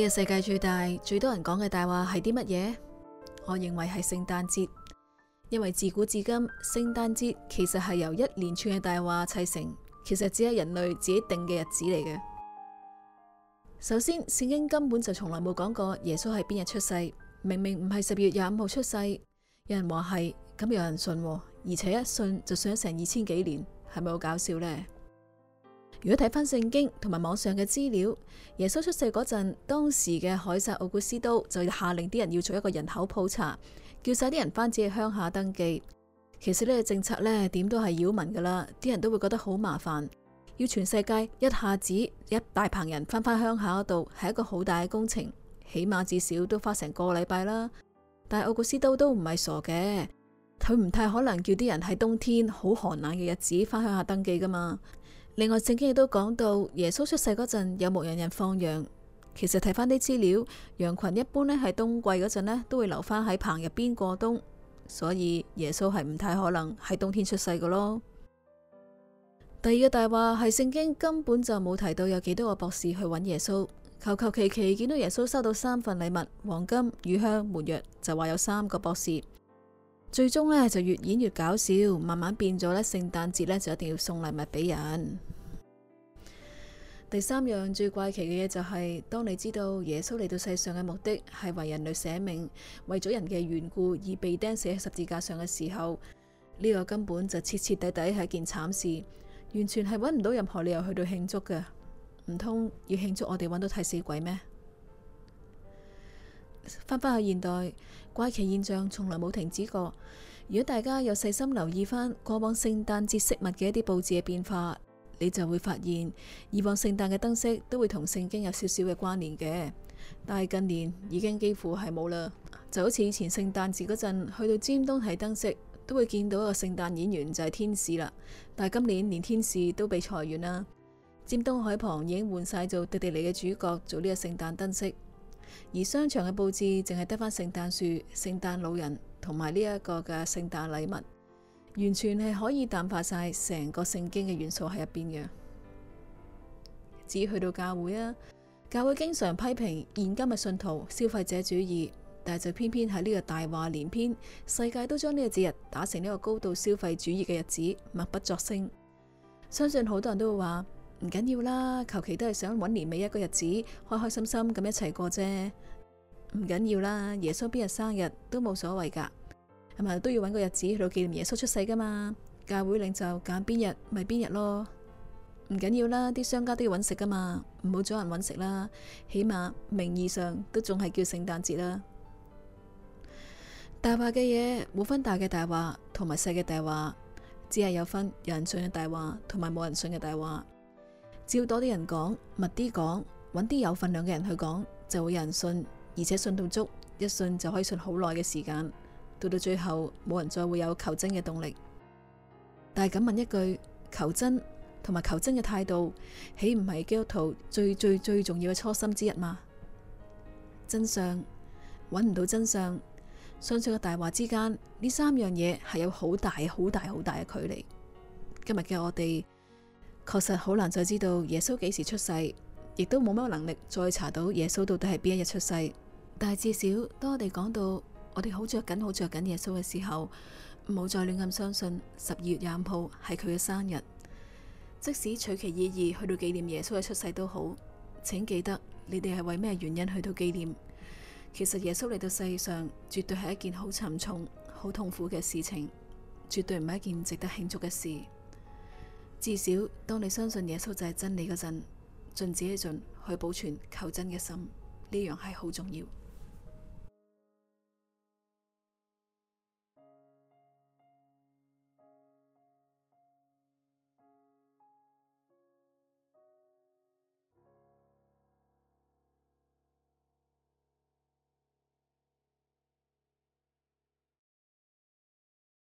呢個世界最大最多人講嘅大話係啲乜嘢？我認為係聖誕節，因為自古至今，聖誕節其實係由一連串嘅大話砌成，其實只係人類自己定嘅日子嚟嘅。首先，聖經根本就從來冇講過耶穌係邊日出世，明明唔係十二月廿五號出世，有人話係，咁有人信、哦，而且一信就信咗成二千幾年，係咪好搞笑呢？如果睇翻聖經同埋網上嘅資料，耶穌出世嗰陣，當時嘅凱撒奧古斯都就下令啲人要做一個人口普查，叫晒啲人翻自己鄉下登記。其實呢個政策呢點都係擾民噶啦，啲人都會覺得好麻煩，要全世界一下子一大棚人翻返鄉下度，係一個好大嘅工程，起碼至少都花成個禮拜啦。但係奧古斯都都唔係傻嘅，佢唔太可能叫啲人喺冬天好寒冷嘅日子翻鄉下登記噶嘛。另外，聖經亦都講到耶穌出世嗰陣有牧羊人人放羊。其實睇翻啲資料，羊群一般咧喺冬季嗰陣咧都會留翻喺棚入邊過冬，所以耶穌係唔太可能喺冬天出世噶咯。第二個大話係聖經根本就冇提到有幾多個博士去揾耶穌，求求其其見到耶穌收到三份禮物：黃金、乳香、沒藥，就話有三個博士。最終呢，就越演越搞笑，慢慢變咗呢，聖誕節呢，就一定要送禮物俾人。第三樣最怪奇嘅嘢就係、是，當你知道耶穌嚟到世上嘅目的係為人類捨命，為咗人嘅緣故而被釘死喺十字架上嘅時候，呢、這個根本就徹徹底底係一件慘事，完全係揾唔到任何理由去到慶祝嘅。唔通要慶祝我哋揾到替死鬼咩？翻返去現代怪奇現象，從來冇停止過。如果大家有細心留意翻過往聖誕節飾物嘅一啲布置嘅變化，你就會發現以往聖誕嘅燈飾都會同聖經有少少嘅關聯嘅，但係近年已經幾乎係冇啦。就好似以前聖誕節嗰陣去到尖東睇燈飾，都會見到一個聖誕演員就係天使啦，但係今年連天使都被裁員啦。尖東海旁已經換晒做迪迪尼嘅主角做呢個聖誕燈飾。而商場嘅布置淨係得返聖誕樹、聖誕老人同埋呢一個嘅聖誕禮物，完全係可以淡化晒成個聖經嘅元素喺入邊嘅。至於去到教會啊，教會經常批評現今嘅信徒消費者主義，但係就偏偏喺呢個大話連篇，世界都將呢個節日打成呢個高度消費主義嘅日子，默不作聲。相信好多人都會話。唔緊要啦，求其都係想搵年尾一個日子開開心心咁一齊過啫。唔緊要啦，耶穌邊日生日都冇所謂噶，係咪都要搵個日子去到紀念耶穌出世噶嘛？教會領袖揀邊日咪邊日咯。唔緊要啦，啲商家都要搵食噶嘛，唔好阻人搵食啦。起碼名義上都仲係叫聖誕節啦。大話嘅嘢冇分大嘅大話同埋細嘅大話，只係有分有人信嘅大話同埋冇人信嘅大話。照多啲人講，密啲講，揾啲有份量嘅人去講，就會有人信，而且信到足，一信就可以信好耐嘅時間。到到最後，冇人再會有求真嘅動力。但係敢問一句，求真同埋求真嘅態度，豈唔係基督徒最最最,最重要嘅初心之一嗎？真相揾唔到真相，相信嘅大話之間，呢三樣嘢係有好大好大好大嘅距離。今日嘅我哋。確實好難再知道耶穌幾時出世，亦都冇乜能力再查到耶穌到底係邊一日出世。但係至少當我哋講到我哋好着緊、好着緊耶穌嘅時候，唔好再亂咁相信十二月廿五號係佢嘅生日。即使取其意義去到紀念耶穌嘅出世都好，請記得你哋係為咩原因去到紀念。其實耶穌嚟到世上絕對係一件好沉重、好痛苦嘅事情，絕對唔係一件值得慶祝嘅事。至少，當你相信耶穌就係真理嗰陣，盡自己盡去保存求真嘅心，呢樣係好重要。